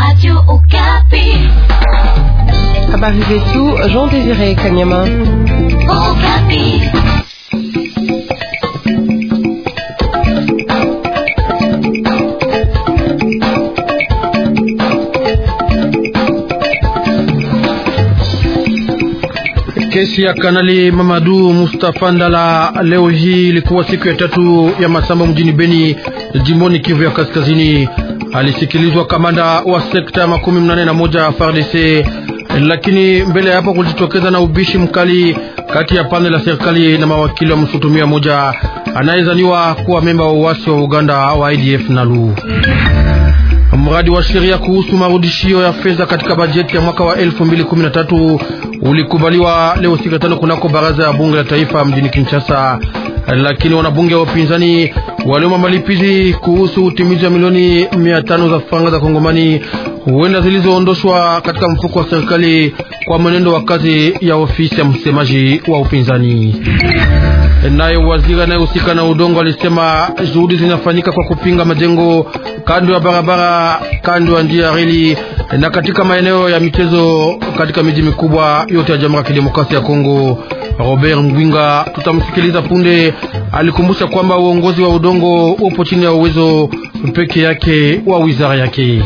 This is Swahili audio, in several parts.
Radio Okapi. Habari zetu Jean Désiré Kanyama. Okapi. Kesi Kanali Mamadu Mustafa Ndala leo hii ilikuwa siku ya tatu ya mjini Beni, jimboni Kivu ya Kaskazini. alisikilizwa kamanda wa sekta makumi mnane na moja FARDC, lakini mbele ya hapo kulijitokeza na ubishi mkali kati ya pande la serikali na mawakili wa mshutumia moja anayezaniwa kuwa memba wa uasi wa Uganda wa IDF Nalu. Mradi wa sheria kuhusu marudishio ya fedha katika bajeti ya mwaka wa 2013 ulikubaliwa leo siku tano kunako baraza ya bunge la taifa mjini Kinshasa, lakini wanabunge wa upinzani waliomba malipizi kuhusu utimizi wa milioni mia tano za fanga za Kongomani huenda zilizoondoshwa katika mfuko wa serikali kwa mwenendo wa kazi ya ofisi ya msemaji wa upinzani. Naye waziri anayehusika na udongo alisema juhudi zinafanyika kwa kupinga majengo kando ya barabara, kando ya njia ya reli na katika maeneo ya michezo katika miji mikubwa yote ya Jamhuri ya Kidemokrasia ya Kongo. Robert Mwinga tutamsikiliza punde Alikumbusha kwamba uongozi wa udongo upo chini ya uwezo peke yake wa wizara yake.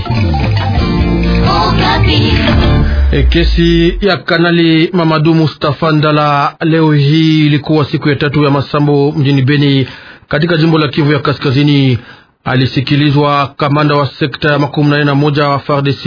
E, kesi ya kanali Mamadu Mustafa Ndala leo hii ilikuwa siku ya tatu ya masambo mjini Beni katika jimbo la Kivu ya Kaskazini. Alisikilizwa kamanda wa sekta ya makumi nane na moja wa FARDC,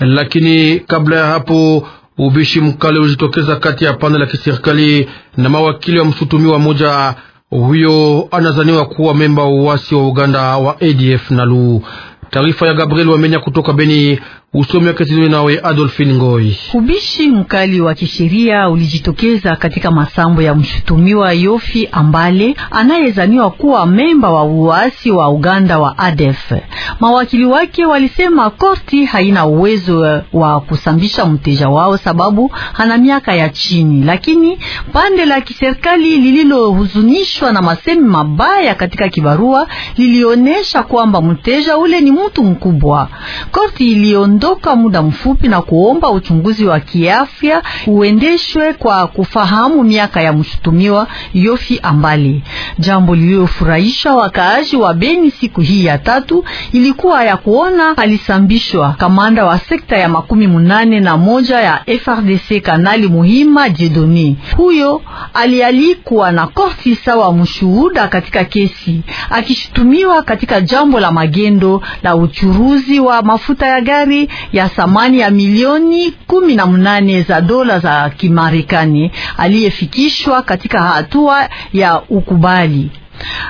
lakini kabla ya hapo ubishi mkali ulijitokeza kati ya pande la kiserikali na mawakili wa mshutumiwa moja huyo anazaniwa kuwa memba wa uasi wa Uganda wa ADF na lu. Taarifa ya Gabriel Wamenya kutoka Beni. Usomi kesi nawe Adolphine Ngoi. Ubishi mkali wa kisheria ulijitokeza katika masambo ya mshutumiwa Yofi Ambale anayezaniwa kuwa memba wa uasi wa Uganda wa ADF. Mawakili wake walisema korti haina uwezo wa kusambisha mteja wao sababu hana miaka ya chini, lakini pande la kiserikali lililohuzunishwa na masemi mabaya katika kibarua lilionyesha kwamba mteja ule ni mtu mkubwa. Korti ilion aliondoka muda mfupi na kuomba uchunguzi wa kiafya uendeshwe kwa kufahamu miaka ya mshutumiwa Yofi Ambali. Jambo lililofurahisha wakaaji wa Beni siku hii ya tatu ilikuwa ya kuona alisambishwa kamanda wa sekta ya makumi munane na moja ya FRDC Kanali Muhima Jedoni. Huyo alialikwa na korti sawa mshuhuda katika kesi akishutumiwa katika jambo la magendo la uchuruzi wa mafuta ya gari ya thamani ya milioni kumi na mnane za dola za Kimarekani aliyefikishwa katika hatua ya ukubali.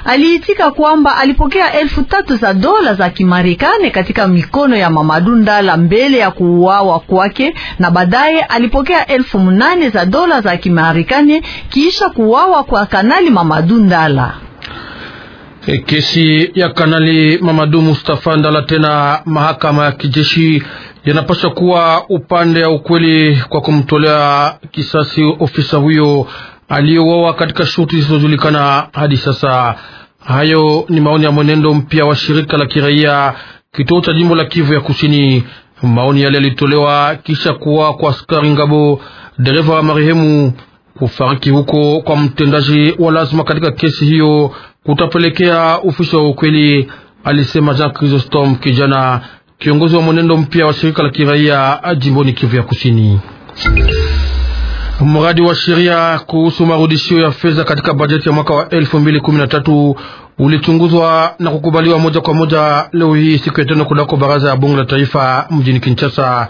Aliitika kwamba alipokea elfu tatu za dola za Kimarekani katika mikono ya Mamadu Ndala mbele ya kuuawa kwake, na baadaye alipokea elfu mnane za dola za Kimarekani kisha kuuawa kwa Kanali mamadundala Ndala. E, kesi ya Kanali Mamadu Mustafa Ndala tena mahakama ya kijeshi yanapaswa kuwa upande ya ukweli kwa kumtolea kisasi ofisa huyo aliyeuawa katika shuti zisizojulikana hadi sasa. Hayo ni maoni ya mwenendo mpya wa shirika la kiraia kituo cha jimbo la Kivu ya Kusini. Maoni yale yalitolewa kisha kuwa kwa askari ngabo dereva wa marehemu Kufariki huko kwa mtendaji wa lazima katika kesi hiyo kutapelekea ufisho wa ukweli, alisema Jean Chrysostome Kijana, kiongozi wa mwenendo mpya wa shirika la kiraia jimboni Kivu ya Kusini. Mradi wa sheria kuhusu marudishio ya fedha katika bajeti ya mwaka wa 2013 ulichunguzwa na kukubaliwa moja kwa moja leo hii siku ya tano kunako baraza ya bunge la taifa mjini Kinshasa.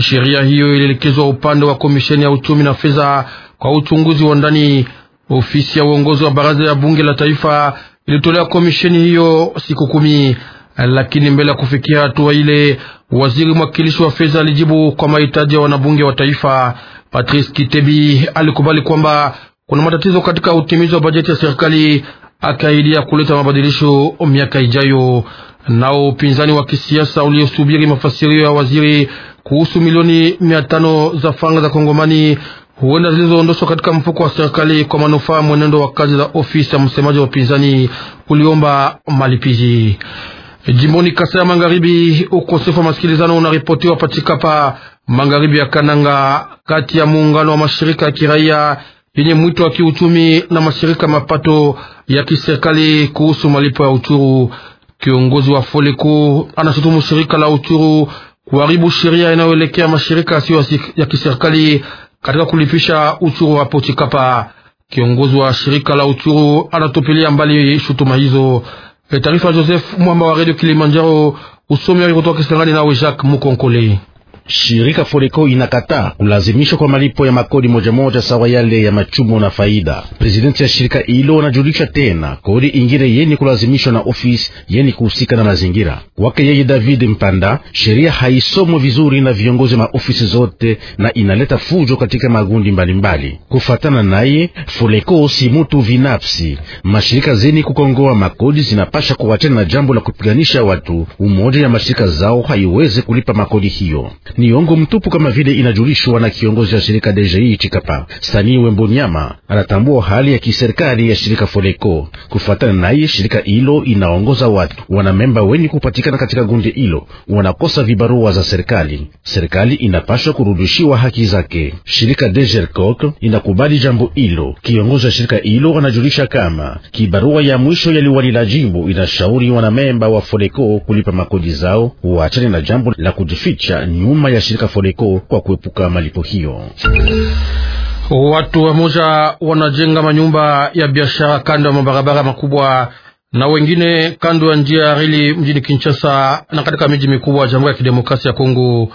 Sheria hiyo ilielekezwa upande wa komisheni ya uchumi na fedha kwa uchunguzi wa ndani. Ofisi ya uongozi wa baraza ya bunge la taifa ilitolea komisheni hiyo siku kumi, lakini mbele ya kufikia hatua ile, waziri mwakilishi wa fedha alijibu kwa mahitaji ya wanabunge wa taifa. Patrice Kitebi alikubali kwamba kuna matatizo katika utimizi wa bajeti ya serikali, akaidia kuleta mabadilisho miaka ijayo. Nao upinzani wa kisiasa uliosubiri mafasirio ya waziri kuhusu milioni mia tano za fanga za Kongomani huenda zilizoondoshwa katika mfuko wa serikali kwa manufaa mwenendo wa kazi za ofisi ya msemaji wa upinzani uliomba malipizi. Jimboni Kasai ya Magharibi, ukosefu wa masikilizano unaripotiwa Pachikapa, magharibi ya Kananga, kati ya muungano wa mashirika ya kiraia yenye mwito wa kiuchumi na mashirika mapato ya kiserikali kuhusu malipo ya uchuru. Kiongozi wa Foleco anashutumu shirika la uchuru kuharibu sheria inayoelekea mashirika yasiyo ya kiserikali katika kulipisha uchuru wa Pochikapa. Kiongozi wa shirika la uchuru anatopelia mbali shutuma hizo. E, taarifa Joseph Mwamba wa Radio Kilimanjaro, usomi wake kutoka Kisangani nawe Jacques Mukonkole. Shirika Foreco inakataa kulazimishwa kwa malipo ya makodi moja moja sawa yale ya machumo na faida. Presidenti ya shirika hilo anajulisha tena kodi ingine yeni kulazimishwa na ofisi yeni kuhusika na mazingira. Kwake yeye David Mpanda, sheria haisomwe vizuri na viongozi maofisi zote na inaleta fujo katika magundi mbalimbali. Kufatana naye, Foreco si mutu vinafsi. Mashirika zeni kukongoa makodi zinapasha kuwachana na jambo la kupiganisha watu. Umoja ya mashirika zao haiwezi kulipa makodi hiyo ni ongo mtupu, kama vile inajulishwa na kiongozi wa shirika DGI Chikapa Sani Wembonyama. Anatambua hali ya kiserikali ya shirika Foleco. Kufuatana naye, shirika hilo inaongoza watu wanamemba wenye kupatikana katika gundi hilo wanakosa vibarua za serikali. Serikali inapashwa kurudishiwa haki zake. Shirika DGERCOC inakubali jambo hilo. Kiongozi wa shirika hilo anajulisha kama kibarua ya mwisho ya liwali la jimbo inashauri wanamemba wa Foleco kulipa makodi zao, waachane na jambo la kujificha nyuma gharama ya shirika Fodeco kwa kuepuka malipo hiyo. Watu wamoja wanajenga manyumba ya biashara kando ya mabarabara makubwa na wengine kando ya njia ya reli mjini Kinshasa na katika miji mikubwa ya Jamhuri ya Kidemokrasia ya Kongo.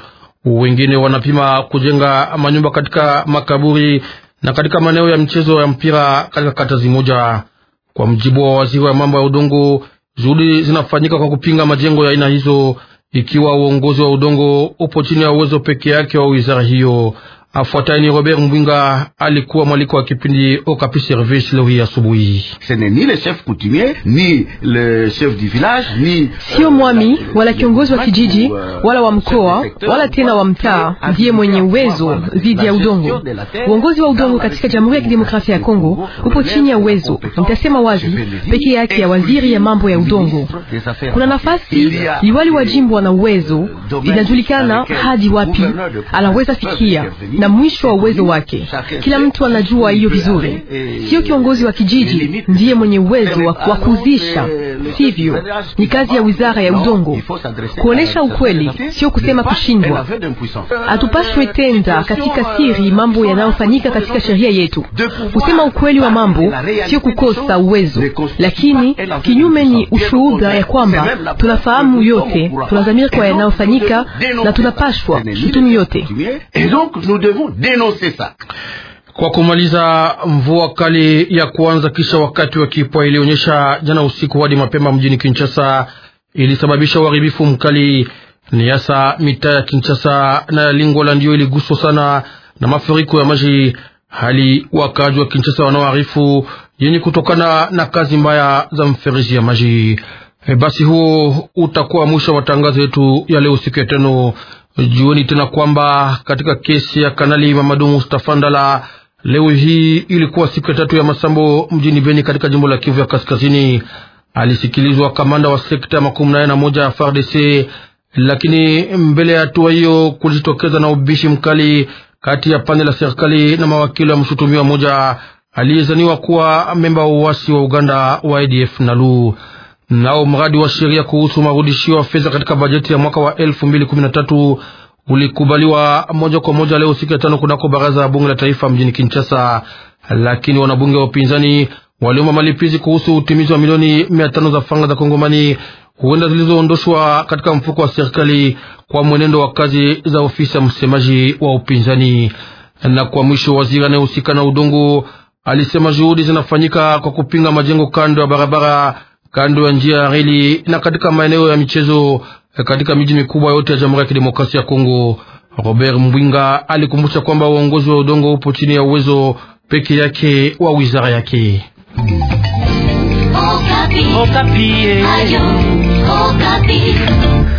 Wengine wanapima kujenga manyumba katika makaburi na katika maeneo ya mchezo ya mpira katika kata zimoja. Kwa mjibu wa waziri wa mambo ya udongo, juhudi zinafanyika kwa kupinga majengo ya aina hizo ikiwa uongozi wa udongo upo chini ya uwezo peke yake wa wizara hiyo. Afuatayi Robert Mbwinga alikuwa mwaliko wa kipindi Okapi Service leo hii asubuhi. Sio mwami wala kiongozi wa kijiji wala wa mkoa wala tena wa mtaa ndiye mwenye uwezo dhidi ya udongo. Uongozi wa udongo katika Jamhuri ya Kidemokrasia ya Kongo upo chini ya uwezo, nitasema wazi, pekee yake ya waziri ya mambo ya udongo. Kuna nafasi liwali wa jimbo ana uwezo, inajulikana hadi wapi anaweza fikia na mwisho wa uwezo wake. Kila mtu anajua hiyo vizuri. Sio kiongozi wa kijiji ndiye mwenye uwezo wa kuwakuzisha, sivyo? Ni kazi ya wizara ya udongo kuonesha ukweli, sio kusema kushindwa. Hatupashwe tenda katika siri mambo yanayofanyika katika sheria yetu. Kusema ukweli wa mambo sio kukosa uwezo, lakini kinyume ni ushuhuda ya kwamba tunafahamu yote, tunazamiri kwa yanayofanyika na tunapashwa shutumu yote devons dénoncer ça. Kwa kumaliza, mvua kali ya kuanza kisha wakati wa kipwa ilionyesha jana usiku hadi mapema mjini Kinshasa ilisababisha uharibifu mkali. Ni hasa mitaa ya Kinshasa na ya Lingwala ndiyo iliguswa sana na mafuriko ya maji, hali wakaaji wa Kinshasa wanaoarifu yenye kutokana na kazi mbaya za mfereji ya maji. E, basi huo utakuwa mwisho wa tangazo yetu ya leo siku ya tano. Jioni tena kwamba katika kesi ya Kanali Mamadu Mustafa Ndala, leo hii ilikuwa siku ya tatu ya masambo mjini Beni katika jimbo la Kivu ya Kaskazini. Alisikilizwa kamanda wa sekta makumi nane na moja ya FARDC, lakini mbele ya hatua hiyo kulijitokeza na ubishi mkali kati ya pande la serikali na mawakili wa mshutumiwa mmoja aliyezaniwa kuwa memba wa uasi wa Uganda wa ADF Nalu. Nao mradi wa sheria kuhusu marudishio wa fedha katika bajeti ya mwaka wa 2013 ulikubaliwa moja kwa moja leo siku ya tano kunako baraza la bunge la taifa mjini Kinshasa, lakini wanabunge wa upinzani waliomba malipizi kuhusu utimizi wa milioni 500 za fanga za Kongomani huenda zilizoondoshwa katika mfuko wa serikali kwa mwenendo wa kazi za ofisi ya msemaji wa upinzani. Na kwa mwisho, waziri anayehusika na udongo alisema juhudi zinafanyika kwa kupinga majengo kando ya barabara kando ya njia ya reli na katika maeneo ya michezo katika miji mikubwa yote ya Jamhuri ya Kidemokrasia ya Kongo. Robert Mbwinga alikumbusha kwamba uongozi wa udongo upo chini ya uwezo peke yake wa wizara yake. Okapi. Okapi. Eh. Ayo, Okapi.